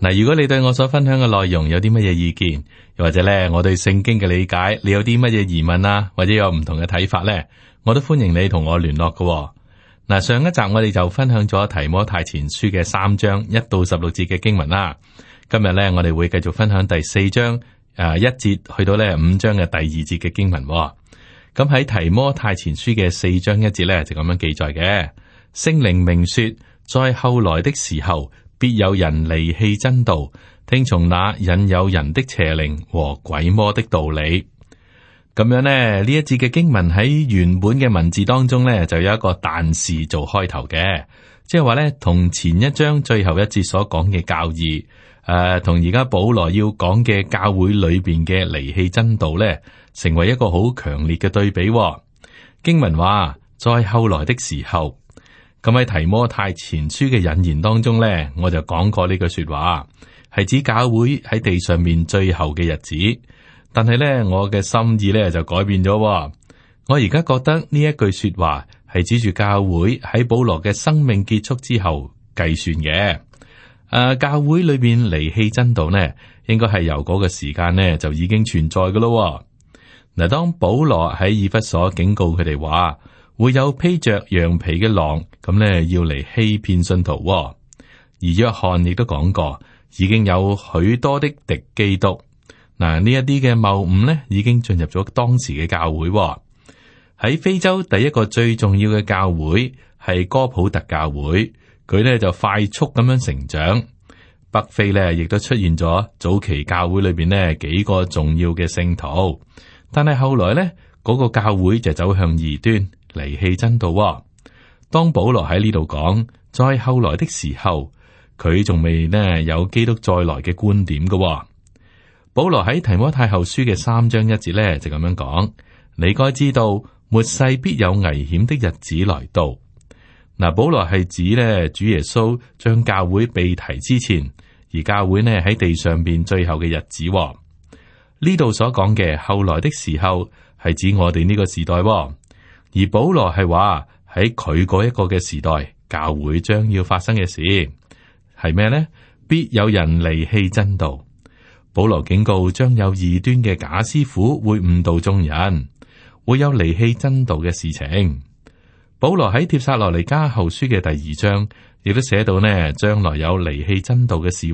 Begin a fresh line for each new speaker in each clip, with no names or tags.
嗱，如果你對我所分享嘅內容有啲乜嘢意見，又或者咧我對聖經嘅理解，你有啲乜嘢疑問啊，或者有唔同嘅睇法咧，我都歡迎你同我聯絡嘅。嗱，上一集我哋就分享咗提摩太前書嘅三章一到十六節嘅經文啦。今日咧我哋會繼續分享第四章，誒一節去到呢五章嘅第二節嘅經文。咁喺提摩太前書嘅四章一節咧就咁樣記載嘅，聖靈明說，在後來的時候。必有人離棄真道，聽從那引誘人的邪靈和鬼魔的道理。咁樣呢，呢一節嘅經文喺原本嘅文字當中呢，就有一個但是做開頭嘅，即係話呢，同前一章最後一節所講嘅教義，誒、呃，同而家保羅要講嘅教會裏邊嘅離棄真道呢，成為一個好強烈嘅對比，哦。經文話，在後來的時候。咁喺提摩太前書嘅引言當中咧，我就講過呢句說話，係指教會喺地上面最後嘅日子。但係咧，我嘅心意咧就改變咗。我而家覺得呢一句說話係指住教會喺保羅嘅生命結束之後計算嘅。誒、啊，教會裏邊離棄真道呢，應該係由嗰個時間呢就已經存在㗎咯。嗱、啊，當保羅喺以弗所警告佢哋話，會有披着羊皮嘅狼。咁咧要嚟欺騙信徒，而約翰亦都講過，已經有許多的敵基督。嗱，呢一啲嘅謬誤咧，已經進入咗當時嘅教會。喺非洲第一個最重要嘅教會係哥普特教會，佢咧就快速咁樣成長。北非咧亦都出現咗早期教會裏邊呢幾個重要嘅聖徒，但係後來咧嗰個教會就走向異端，離棄真道。當保羅喺呢度講再後來的時候，佢仲未呢有基督再來嘅觀點㗎、哦。保羅喺提摩太後書嘅三章一節呢，就咁樣講：你該知道末世必有危險的日子來到。嗱，保羅係指呢主耶穌將教會被提之前，而教會呢喺地上邊最後嘅日子、哦。呢度所講嘅後來的時候係指我哋呢個時代、哦，而保羅係話。喺佢嗰一個嘅時代，教會將要發生嘅事係咩呢？必有人離棄真道。保羅警告，將有異端嘅假師傅會誤導眾人，會有離棄真道嘅事情。保羅喺帖撒羅尼迦後書嘅第二章，亦都寫到呢將來有離棄真道嘅事。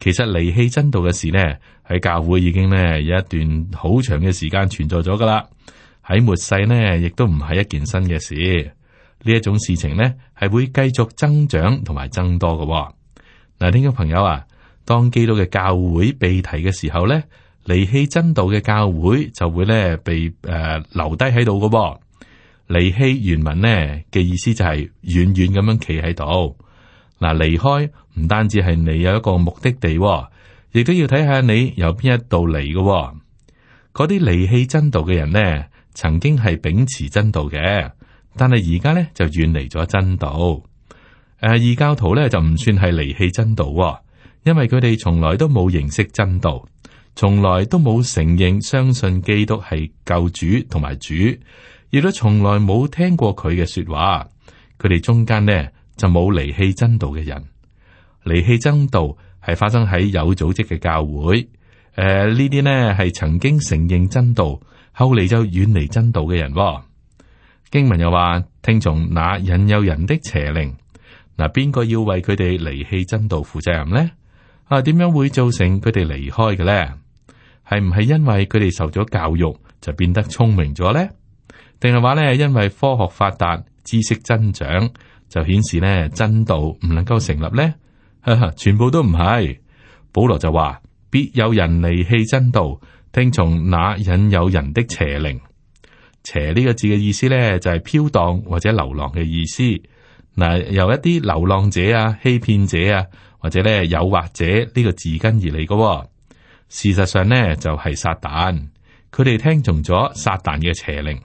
其實離棄真道嘅事呢，喺教會已經咧有一段好長嘅時間存在咗噶啦。喺末世呢，亦都唔係一件新嘅事。呢一種事情呢，係會繼續增長同埋增多嘅、哦。嗱，呢個朋友啊，當基督嘅教會被提嘅時候呢，離棄真道嘅教會就會呢，被、呃、誒留低喺度嘅。噉，離棄原文呢嘅意思就係遠遠咁樣企喺度。嗱，離開唔單止係你有一個目的地、哦，亦都要睇下你由邊一度嚟嘅。嗰啲離棄真道嘅人呢。曾經係秉持真道嘅，但係而家呢就遠離咗真道。誒、啊，異教徒呢就唔算係離棄真道、哦，因為佢哋從來都冇認識真道，從來都冇承認相信基督係救主同埋主，亦都從來冇聽過佢嘅說話。佢哋中間呢就冇離棄真道嘅人，離棄真道係發生喺有組織嘅教會。誒、啊，呢啲呢係曾經承認真道。後嚟就遠離真道嘅人、哦，經文又話聽從那引誘人的邪靈，嗱，邊個要為佢哋離棄真道負責任呢？啊，點樣會造成佢哋離開嘅呢？係唔係因為佢哋受咗教育就變得聰明咗呢？定係話咧，因為科學發達、知識增長就顯示呢真道唔能夠成立呢？咧、啊？全部都唔係，保羅就話必有人離棄真道。聽從那引誘人的邪靈，邪呢個字嘅意思咧就係飄蕩或者流浪嘅意思。嗱，由一啲流浪者啊、欺騙者啊或者咧誘惑者呢個字根而嚟嘅。事實上咧就係撒旦，佢哋聽從咗撒旦嘅邪靈。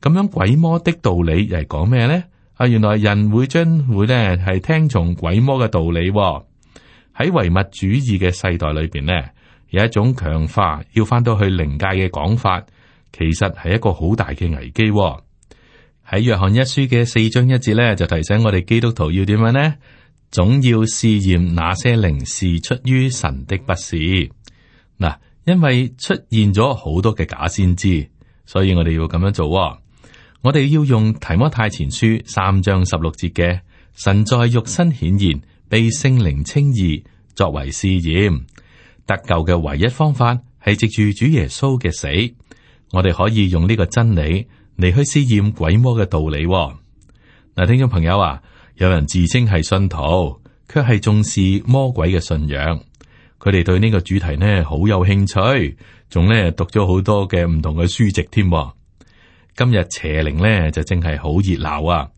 咁樣鬼魔的道理又係講咩咧？啊，原來人會將會咧係聽從鬼魔嘅道理，喺唯物主義嘅世代裏邊咧，有一種強化要返到去靈界嘅講法，其實係一個好大嘅危機，喎。喺約翰一書嘅四章一節呢，就提醒我哋基督徒要點樣呢？總要試驗那些靈是出於神的，不是。嗱，因為出現咗好多嘅假先知，所以我哋要咁樣做，喎。我哋要用提摩太前書三章十六節嘅神在肉身顯現，被聖靈稱義，作為試驗。得救嘅唯一方法係藉住主耶穌嘅死，我哋可以用呢個真理嚟去試驗鬼魔嘅道理。嗱，聽眾朋友啊，有人自稱係信徒，卻係重視魔鬼嘅信仰，佢哋對呢個主題呢，好有興趣，仲呢讀咗好多嘅唔同嘅書籍添。今日邪靈呢就正係好熱鬧啊，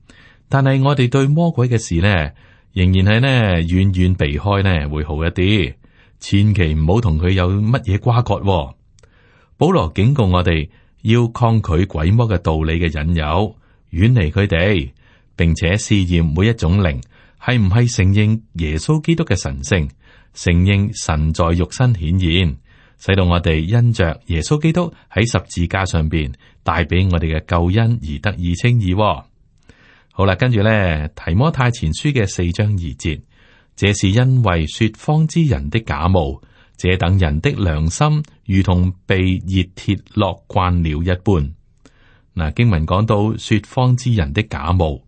但係我哋對魔鬼嘅事呢，仍然係呢遠遠避開呢，會好一啲。千祈唔好同佢有乜嘢瓜葛、哦。保羅警告我哋要抗拒鬼魔嘅道理嘅引誘，遠離佢哋，並且試驗每一種靈係唔係承認耶穌基督嘅神聖，承認神在肉身顯現，使到我哋因着耶穌基督喺十字架上邊帶俾我哋嘅救恩而得以稱義、哦，好啦，跟住咧，提摩太前書嘅四章二節。這是因為說謊之人的假冒，這等人的良心如同被熱鐵烙慣了一般。嗱，經文講到說謊之人的假冒，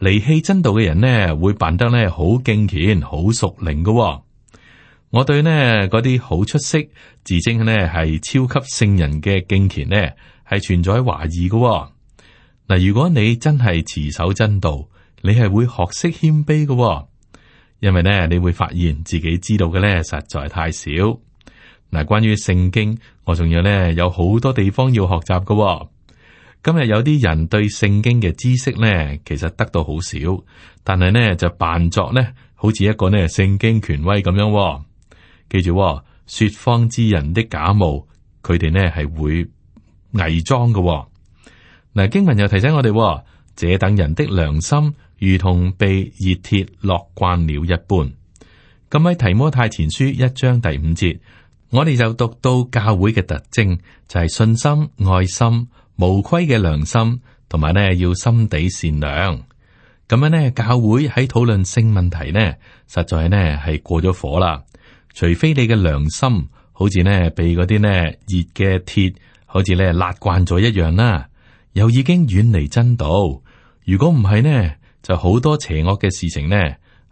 離棄真道嘅人呢，會扮得呢好敬虔，好屬靈嘅、哦。我對呢嗰啲好出色自稱呢係超級聖人嘅敬虔呢，係存在懷疑嘅。嗱，如果你真係持守真道，你係會學識謙卑嘅、哦。因為咧，你會發現自己知道嘅咧實在太少。嗱，關於聖經，我仲有咧有好多地方要學習噶、喎。今日有啲人對聖經嘅知識咧，其實得到好少，但係咧就扮作咧好似一個咧聖經權威咁樣、喎。記住、喎，說謊之人的假冒，佢哋咧係會偽裝嘅。嗱，經文又提醒我哋，這等人的良心。如同被熱鐵烙慣了一般，咁喺提摩太前書一章第五節，我哋就讀到教會嘅特徵就係信心、愛心、無虧嘅良心，同埋呢要心地善良。咁樣呢，教會喺討論性問題呢，實在呢係過咗火啦。除非你嘅良心好似呢，被嗰啲呢熱嘅鐵好似呢，辣慣咗一樣啦，又已經遠離真道。如果唔係呢。就好多邪惡嘅事情呢，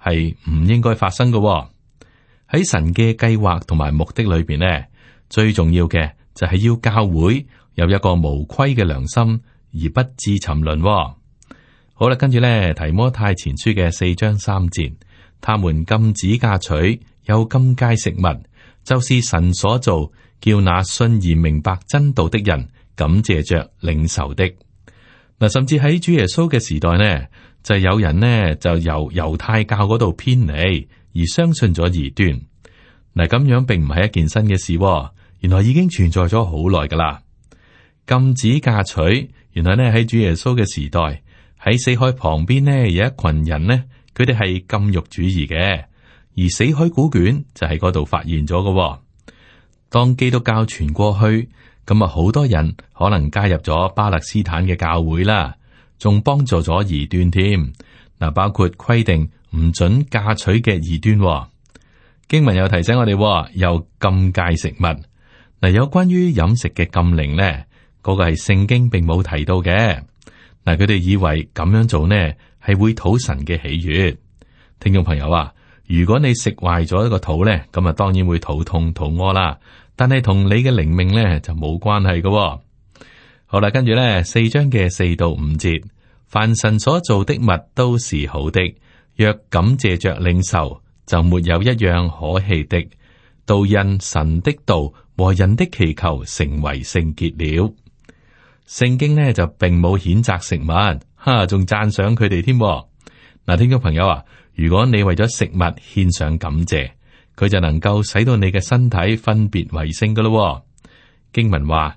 係唔應該發生嘅喺、哦、神嘅計劃同埋目的裏邊呢，最重要嘅就係要教會有一個無虧嘅良心，而不致沉淪、哦。好啦，跟住咧，提摩太前書嘅四章三節，他們禁止嫁娶有禁戒食物，就是神所做，叫那信而明白真道的人感謝着領受的嗱。甚至喺主耶穌嘅時代咧，就有人呢就由猶太教嗰度偏離而相信咗異端，嗱咁樣並唔係一件新嘅事，喎，原來已經存在咗好耐噶啦。禁止嫁娶，原來呢喺主耶穌嘅時代，喺死海旁邊呢，有一群人呢，佢哋係禁慾主義嘅，而死海古卷就喺嗰度發現咗嘅。當基督教傳過去，咁啊好多人可能加入咗巴勒斯坦嘅教會啦。仲幫助咗異端添，嗱，包括規定唔准嫁娶嘅異端。經文又提醒我哋，又禁戒食物。嗱，有關於飲食嘅禁令咧，嗰個係聖經並冇提到嘅。嗱，佢哋以為咁樣做呢係會討神嘅喜悅。聽眾朋友啊，如果你食壞咗一個肚咧，咁啊當然會肚痛肚屙啦，但係同你嘅靈命咧就冇關係噶。好啦，跟住咧，四章嘅四到五節，凡神所造的物都是好的，若感謝着領受，就沒有一樣可棄的。都因神的道和人的祈求，成為聖潔了。聖經呢就並冇譴責食物，哈，仲讚賞佢哋添。嗱，聽眾朋友啊，如果你為咗食物獻上感謝，佢就能夠使到你嘅身體分別為聖噶咯。經文話。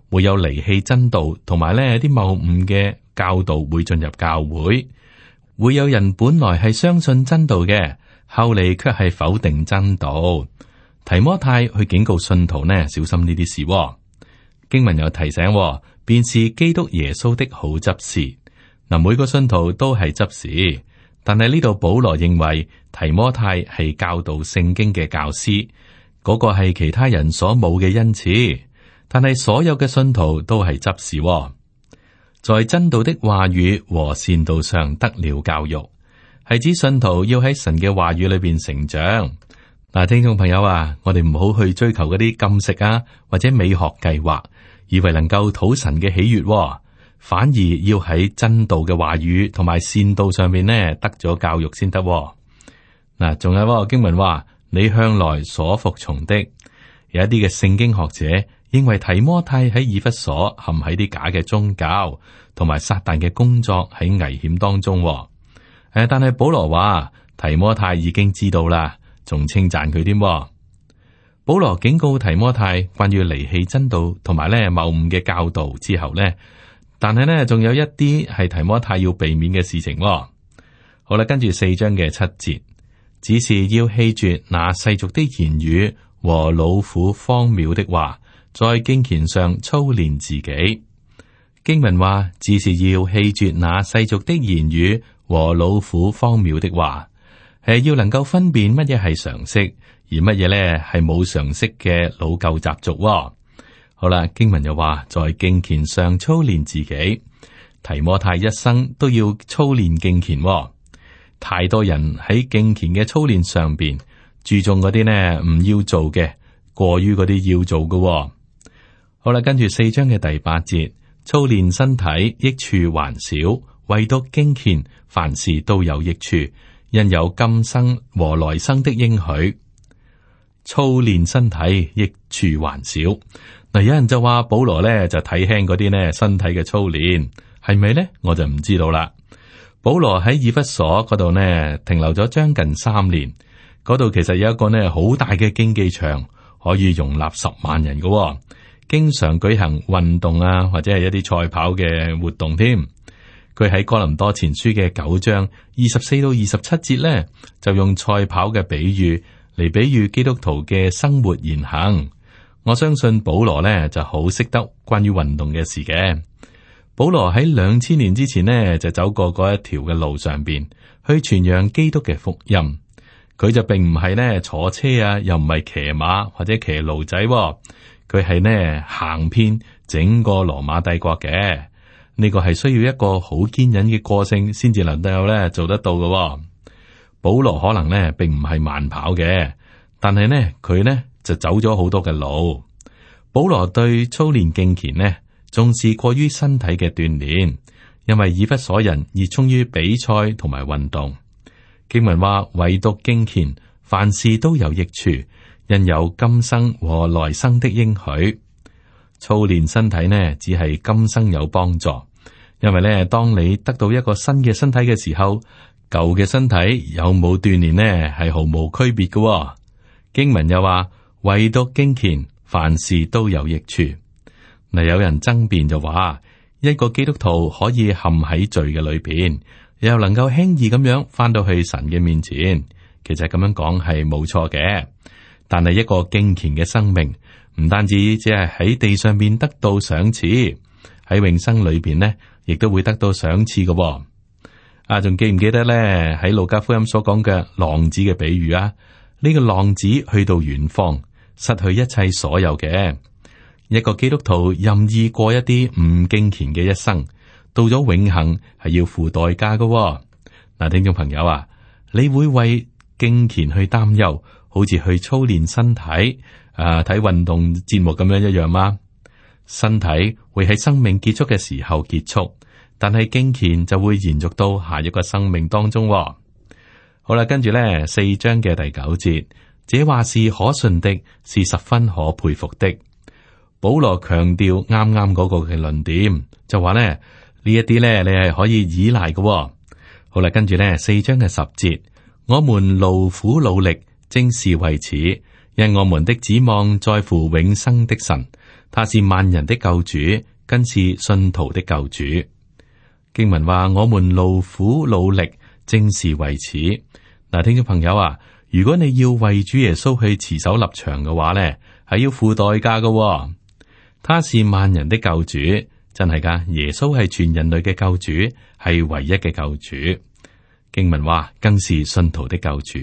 會有離棄真道，同埋呢啲謬誤嘅教導會進入教會。會有人本來係相信真道嘅，後嚟卻係否定真道。提摩太去警告信徒呢，小心呢啲事喎。經文有提醒，便是基督耶穌的好執事。嗱，每個信徒都係執事，但係呢度保羅認為提摩太係教導聖經嘅教師，嗰個係其他人所冇嘅恩賜。但係，所有嘅信徒都係執事、哦，在真道的話語和善道上得了教育，係指信徒要喺神嘅話語裏邊成長。嗱，聽眾朋友啊，我哋唔好去追求嗰啲禁食啊或者美學計劃，以為能夠討神嘅喜悅、哦，反而要喺真道嘅話語同埋善道上面呢，得咗教育先得、哦。嗱、哦，仲有個經文話，你向來所服從的，有一啲嘅聖經學者。認為提摩太喺以弗所陷喺啲假嘅宗教，同埋撒旦嘅工作喺危險當中。誒，但係保羅話提摩太已經知道啦，仲稱讚佢添。保羅警告提摩太關於離棄真道同埋咧謬誤嘅教導之後呢，但係呢仲有一啲係提摩太要避免嘅事情。好啦，跟住四章嘅七節，只是要棄絕那世俗的言語和老虎荒謬的話。在敬虔上操練自己。經文話，只是要棄絕那世俗的言語和老虎荒謬的話，係要能夠分辨乜嘢係常識，而乜嘢咧係冇常識嘅老舊習俗。好啦，經文又話，在敬虔上操練自己。提摩太一生都要操練敬虔，哦。太多人喺敬虔嘅操練上邊注重嗰啲呢唔要做嘅，過於嗰啲要做嘅，哦。好啦，跟住四章嘅第八節，操練身體益處還少，唯獨敬虔凡事都有益處，因有今生和來生的應許。操練身體益處還少嗱，有人就話保羅呢就睇輕嗰啲呢身體嘅操練係咪呢？我就唔知道啦。保羅喺以弗所嗰度呢停留咗將近三年，嗰度其實有一個呢好大嘅競技場，可以容納十萬人㗎喎。經常舉行運動啊，或者係一啲賽跑嘅活動添、啊。佢喺哥林多前書嘅九章二十四到二十七節呢，就用賽跑嘅比喻嚟比喻基督徒嘅生活言行。我相信保羅呢就好識得關於運動嘅事嘅。保羅喺兩千年之前呢，就走過嗰一條嘅路上邊去傳揚基督嘅福音。佢就並唔係呢坐車啊，又唔係騎馬或者騎驢仔、啊。佢係呢行遍整個羅馬帝國嘅，呢個係需要一個好堅忍嘅個性先至能夠呢做得到嘅、哦。保羅可能呢並唔係慢跑嘅，但係呢佢呢就走咗好多嘅路。保羅對操練敬虔呢重視過於身體嘅鍛煉，因為以弗所人熱衷於比賽同埋運動。經文話唯獨敬虔，凡事都有益處。因有今生和來生的應許，操練身體呢，只係今生有幫助。因為呢，當你得到一個新嘅身體嘅時候，舊嘅身體有冇鍛煉呢，係毫無區別嘅、哦。經文又話，唯獨敬虔凡事都有益處。嗱，有人爭辯就話，一個基督徒可以陷喺罪嘅裏邊，又能夠輕易咁樣翻到去神嘅面前。其實咁樣講係冇錯嘅。但係一個敬虔嘅生命，唔單止只係喺地上面得到賞賜，喺永生裏邊呢亦都會得到賞賜嘅。啊，仲記唔記得咧？喺路加福音所講嘅浪子嘅比喻啊，呢、這個浪子去到遠方，失去一切所有嘅一個基督徒任意過一啲唔敬虔嘅一生，到咗永恒係要付代價嘅、哦。嗱、啊，聽眾朋友啊，你會為敬虔去擔憂？好似去操練身體，誒、呃，睇運動節目咁樣一樣嗎？身體會喺生命結束嘅時候結束，但係敬虔就會延續到下一個生命當中、哦。好啦，跟住咧四章嘅第九節，這話是可信的，是十分可佩服的。保羅強調啱啱嗰個嘅論點，就話咧呢一啲咧，你係可以依賴嘅、哦。好啦，跟住咧四章嘅十節，我們勞苦努力。正是為此，因我們的指望在乎永生的神，他是萬人的救主，更是信徒的救主。經文話：我們勞苦努力，正是為此。嗱，聽眾朋友啊，如果你要為主耶穌去持守立場嘅話呢，係要付代價嘅哦。他是萬人的救主，真係噶，耶穌係全人類嘅救主，係唯一嘅救主。經文話，更是信徒的救主，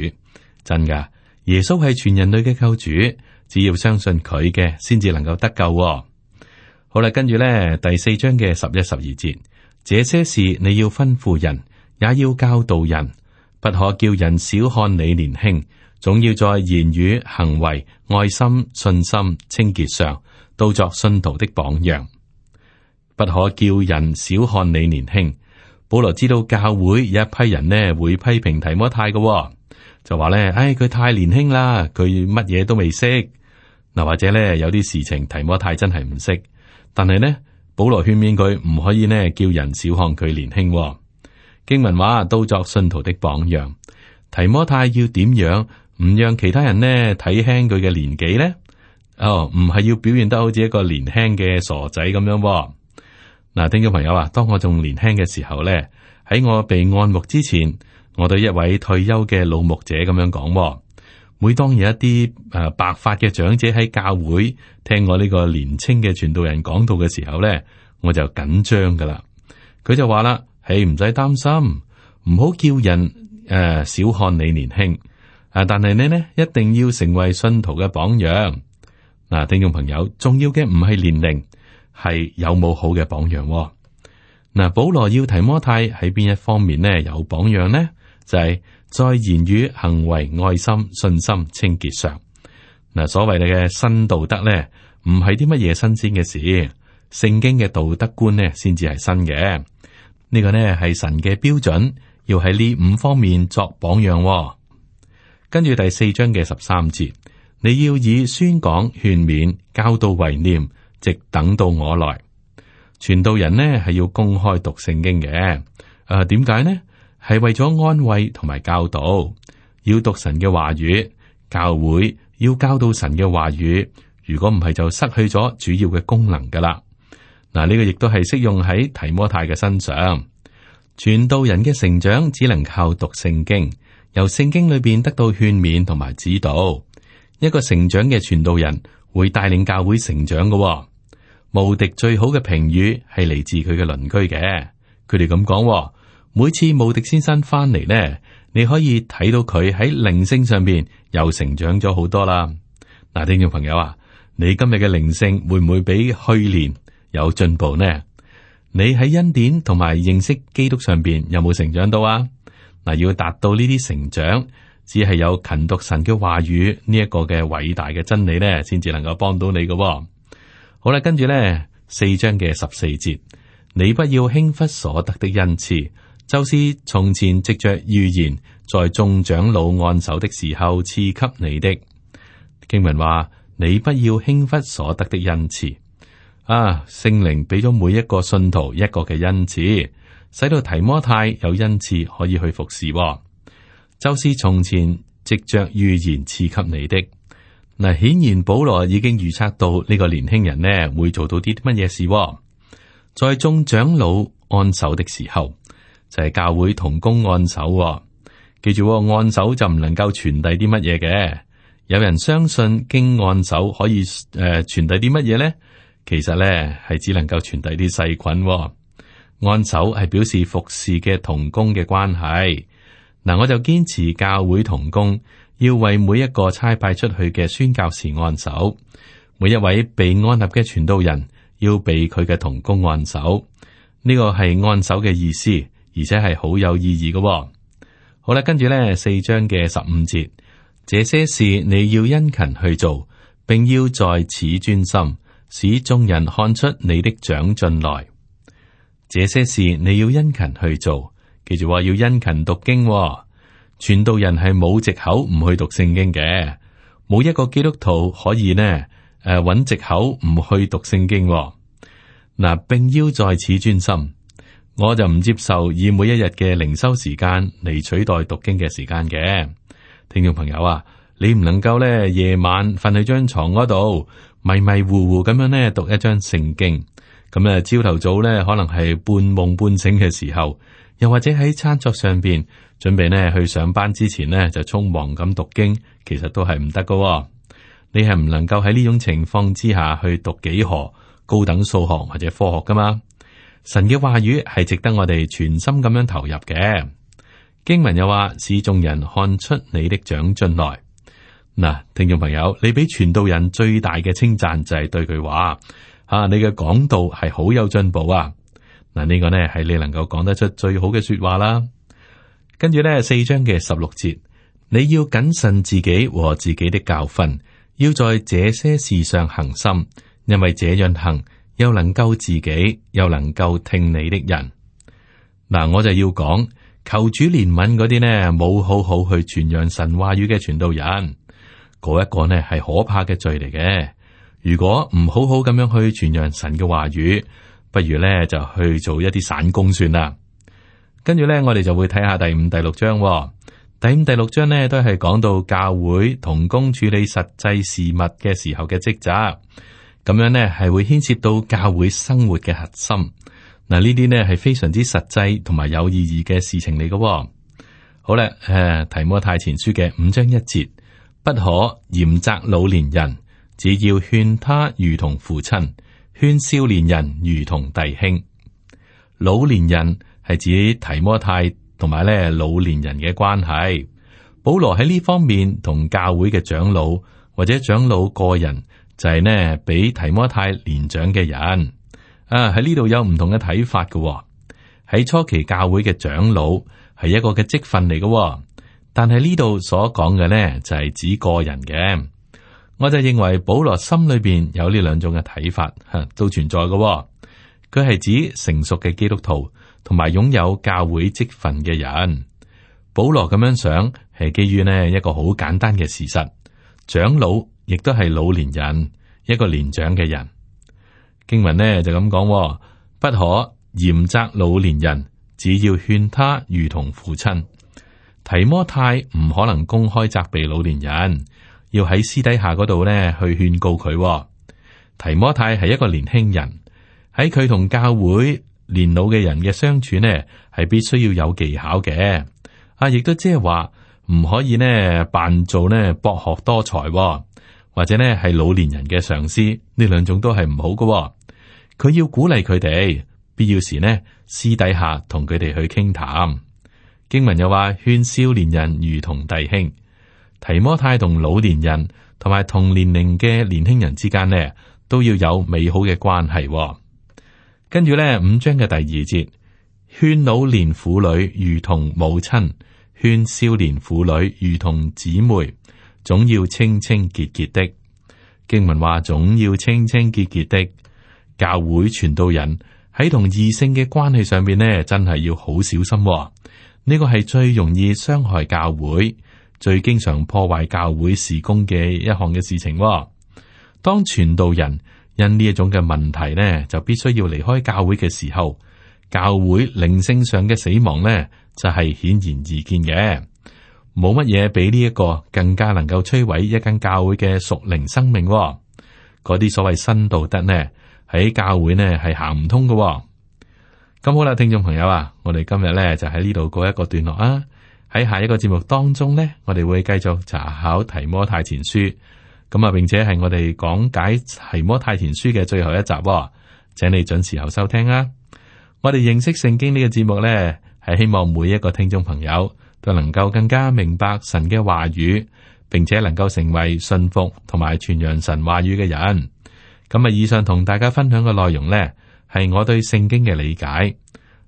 真噶。耶穌係全人類嘅救主，只要相信佢嘅，先至能夠得救喎。好啦，跟住呢第四章嘅十一、十二節，這些事你要吩咐人，也要教導人，不可叫人小看你年輕，總要在言語、行為、愛心、信心、清潔上，都作信徒的榜樣。不可叫人小看你年輕。保羅知道教會有一批人呢會批評提摩太㗎喎。就話咧，唉、哎，佢太年輕啦，佢乜嘢都未識嗱，或者咧，有啲事情提摩太真係唔識，但係呢，保羅勸勉佢唔可以呢，叫人小看佢年輕，哦、經文話，都作信徒的榜樣。提摩太要點樣唔讓其他人呢睇輕佢嘅年紀呢？哦，唔係要表現得好似一個年輕嘅傻仔咁樣，哦。嗱，聽眾朋友啊，當我仲年輕嘅時候咧，喺我被按牧之前。我對一位退休嘅老牧者咁樣講、哦，每當有一啲誒白髮嘅長者喺教會聽我呢個年輕嘅傳道人講道嘅時候咧，我就緊張噶啦。佢就話啦：係唔使擔心，唔好叫人誒、呃、小看你年輕。啊，但係你呢，一定要成為信徒嘅榜樣。嗱、啊，聽眾朋友，重要嘅唔係年齡，係有冇好嘅榜樣、哦。嗱、啊，保羅要提摩太喺邊一方面咧有榜樣呢？就係在言語、行為、愛心、信心、清潔上，嗱，所謂你嘅新道德咧，唔係啲乜嘢新鮮嘅事，聖經嘅道德觀呢，先至係新嘅。呢個呢，係神嘅標準，要喺呢五方面作榜樣。跟住第四章嘅十三節，你要以宣講、勸勉、教導為念，直等到我來。傳道人呢，係要公開讀聖經嘅。誒、啊，點解呢？係為咗安慰同埋教導，要讀神嘅話語，教會要教導神嘅話語。如果唔係，就失去咗主要嘅功能噶啦。嗱，呢個亦都係適用喺提摩太嘅身上。傳道人嘅成長只能靠讀聖經，由聖經裏邊得到勸勉同埋指導。一個成長嘅傳道人會帶領教會成長嘅、哦。慕迪最好嘅評語係嚟自佢嘅鄰居嘅，佢哋咁講。每次慕迪先生翻嚟呢你可以睇到佢喺靈性上邊又成長咗好多啦。嗱，聽眾朋友啊，你今日嘅靈性會唔會比去年有進步呢？你喺恩典同埋認識基督上邊有冇成長到啊？嗱，要達到呢啲成長，只係有勤讀神嘅話語呢一個嘅偉大嘅真理呢，先至能夠幫到你噶。好啦，跟住咧四章嘅十四節，你不要輕忽所得的恩賜。就是從前藉着預言，在眾長老按手的時候賜給你的經文，話你不要輕忽所得的恩賜啊。聖靈俾咗每一個信徒一個嘅恩賜，使到提摩太有恩賜可以去服侍、哦。就是從前藉着預言賜給你的。嗱，顯然保羅已經預測到呢個年輕人呢會做到啲乜嘢事、哦。在眾長老按手的時候。就係教會同工按手、哦，記住、哦、按手就唔能夠傳遞啲乜嘢嘅。有人相信經按手可以誒、呃、傳遞啲乜嘢呢？其實咧係只能夠傳遞啲細菌、哦。按手係表示服侍嘅同工嘅關係。嗱，我就堅持教會同工要為每一個差派出去嘅宣教士按手，每一位被按立嘅傳道人要被佢嘅同工按手。呢、這個係按手嘅意思。而且係好有意義嘅、哦。好啦，跟住咧四章嘅十五節，這些事你要殷勤去做，並要在此專心，使眾人看出你的長進來。這些事你要殷勤去做。記住話要殷勤讀經、哦，傳道人係冇藉口唔去讀聖經嘅，冇一個基督徒可以呢誒揾、呃、藉口唔去讀聖經、哦。嗱、呃，並要在此專心。我就唔接受以每一日嘅靈修時間嚟取代讀經嘅時間嘅，聽眾朋友啊，你唔能夠咧夜晚瞓喺張床嗰度迷迷糊糊咁樣咧讀一章聖經，咁啊朝頭早咧可能係半夢半醒嘅時候，又或者喺餐桌上邊準備咧去上班之前咧就匆忙咁讀經，其實都係唔得噶，你係唔能夠喺呢種情況之下去讀幾何、高等數學或者科學噶嘛。神嘅話語係值得我哋全心咁樣投入嘅。經文又話，使眾人看出你的長進來。嗱，聽眾朋友，你俾傳道人最大嘅稱讚就係對佢話，啊，你嘅講道係好有進步啊。嗱，呢個呢係你能夠講得出最好嘅說話啦。跟住呢四章嘅十六節，你要謹慎自己和自己啲教訓，要在這些事上恆心，因為這樣行，又能夠自己，又能夠聽你的人，嗱，我就要講，求主憐憫嗰啲呢，冇好好去傳揚神話語嘅傳道人，嗰一個呢係可怕嘅罪嚟嘅。如果唔好好咁樣去傳揚神嘅話語，不如呢就去做一啲散工算啦。跟住呢，我哋就會睇下第五、第六章哦。第五、第六章呢，都係講到教會同工處理實際事物嘅時候嘅職責。咁樣呢係會牽涉到教會生活嘅核心。嗱，呢啲呢係非常之實際同埋有意義嘅事情嚟噶。好啦，誒，提摩太前書嘅五章一節，不可嚴責老年人，只要勸他如同父親，勸少年人如同弟兄。老年人係指提摩太同埋咧老年人嘅關係。保羅喺呢方面同教會嘅長老或者長老個人。就係呢，比提摩太年長嘅人啊，喺呢度有唔同嘅睇法嘅，哦。喺初期教會嘅長老係一個嘅職份嚟嘅，但係呢度所講嘅呢就係指個人嘅。我就認為保羅心裏面有呢兩種嘅睇法吓都存在嘅，哦。佢係指成熟嘅基督徒同埋擁有教會職份嘅人。保羅咁樣想係基於呢一個好簡單嘅事實，長老。亦都係老年人，一個年長嘅人。經文呢就咁講，不可嚴責老年人，只要勸他如同父親。提摩太唔可能公開責備老年人，要喺私底下嗰度呢去勸告佢。提摩太係一個年輕人，喺佢同教會年老嘅人嘅相處呢係必須要有技巧嘅。啊，亦都即係話唔可以呢扮做呢博學多才。或者呢係老年人嘅上司，呢兩種都係唔好嘅，哦。佢要鼓勵佢哋，必要時呢，私底下同佢哋去傾談，談。經文又話，勸少年人如同弟兄，提摩太同老年人同埋同年齡嘅年輕人之間呢，都要有美好嘅關係，哦。跟住呢，五章嘅第二節，勸老年婦女如同母親，勸少年婦女如同姊妹。總要清清潔潔的。經文話，總要清清潔潔的。教會傳道人喺同異性嘅關係上面呢，真係要好小心。呢個係最容易傷害教會、最經常破壞教會事工嘅一項嘅事情。當傳道人因呢一種嘅問題呢，就必須要離開教會嘅時候，教會靈性上嘅死亡呢，就係顯然易見嘅。冇乜嘢比呢一個更加能夠摧毀一間教會嘅屬靈生命，哦，嗰啲所謂新道德呢喺教會呢係行唔通嘅，哦。咁好啦，聽眾朋友啊，我哋今日呢就喺呢度過一個段落啊。喺下一個節目當中呢，我哋會繼續查考提摩太前書，咁啊，並且係我哋講解提摩太前書嘅最後一集，哦，請你準時候收聽啊。我哋認識聖經呢個節目呢係希望每一個聽眾朋友，就能夠更加明白神嘅話語，並且能夠成為信服同埋傳揚神話語嘅人。咁啊，以上同大家分享嘅內容呢，係我對聖經嘅理解。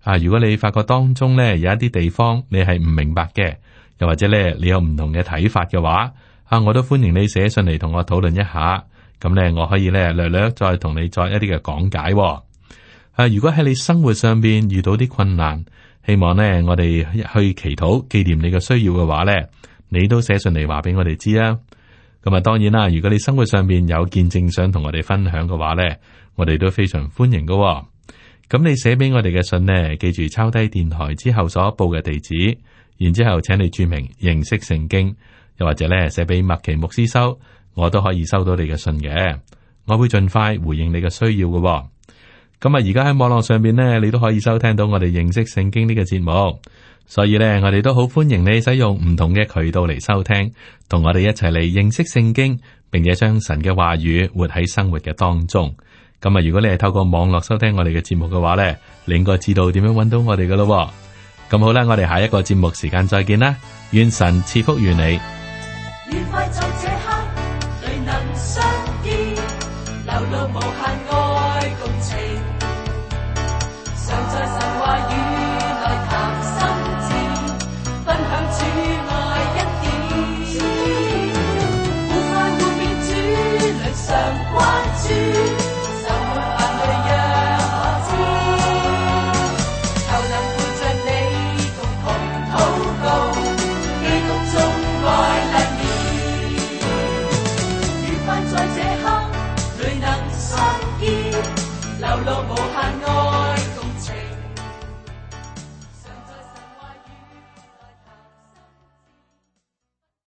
啊，如果你發覺當中呢有一啲地方你係唔明白嘅，又或者呢你有唔同嘅睇法嘅話，啊，我都歡迎你寫信嚟同我討論一下。咁呢，我可以呢略略再同你作一啲嘅講解。啊，如果喺你生活上面遇到啲困難。希望咧，我哋去祈禱紀念你嘅需要嘅話咧，你都寫信嚟，話俾我哋知啊。咁啊，當然啦，如果你生活上面有見證想同我哋分享嘅話咧，我哋都非常歡迎噶。咁你寫俾我哋嘅信呢，記住抄低電台之後所報嘅地址，然之後請你注明認識聖經，又或者咧寫俾麥奇牧師收，我都可以收到你嘅信嘅，我會盡快回應你嘅需要噶。咁啊，而家喺網絡上面咧，你都可以收聽到我哋認識聖經呢個節目，所以咧，我哋都好歡迎你使用唔同嘅渠道嚟收聽，同我哋一齊嚟認識聖經，並且將神嘅話語活喺生活嘅當中。咁啊，如果你係透過網絡收聽我哋嘅節目嘅話咧，你應該知道點樣揾到我哋噶咯。咁好啦，我哋下一個節目時間再見啦，願神賜福於你。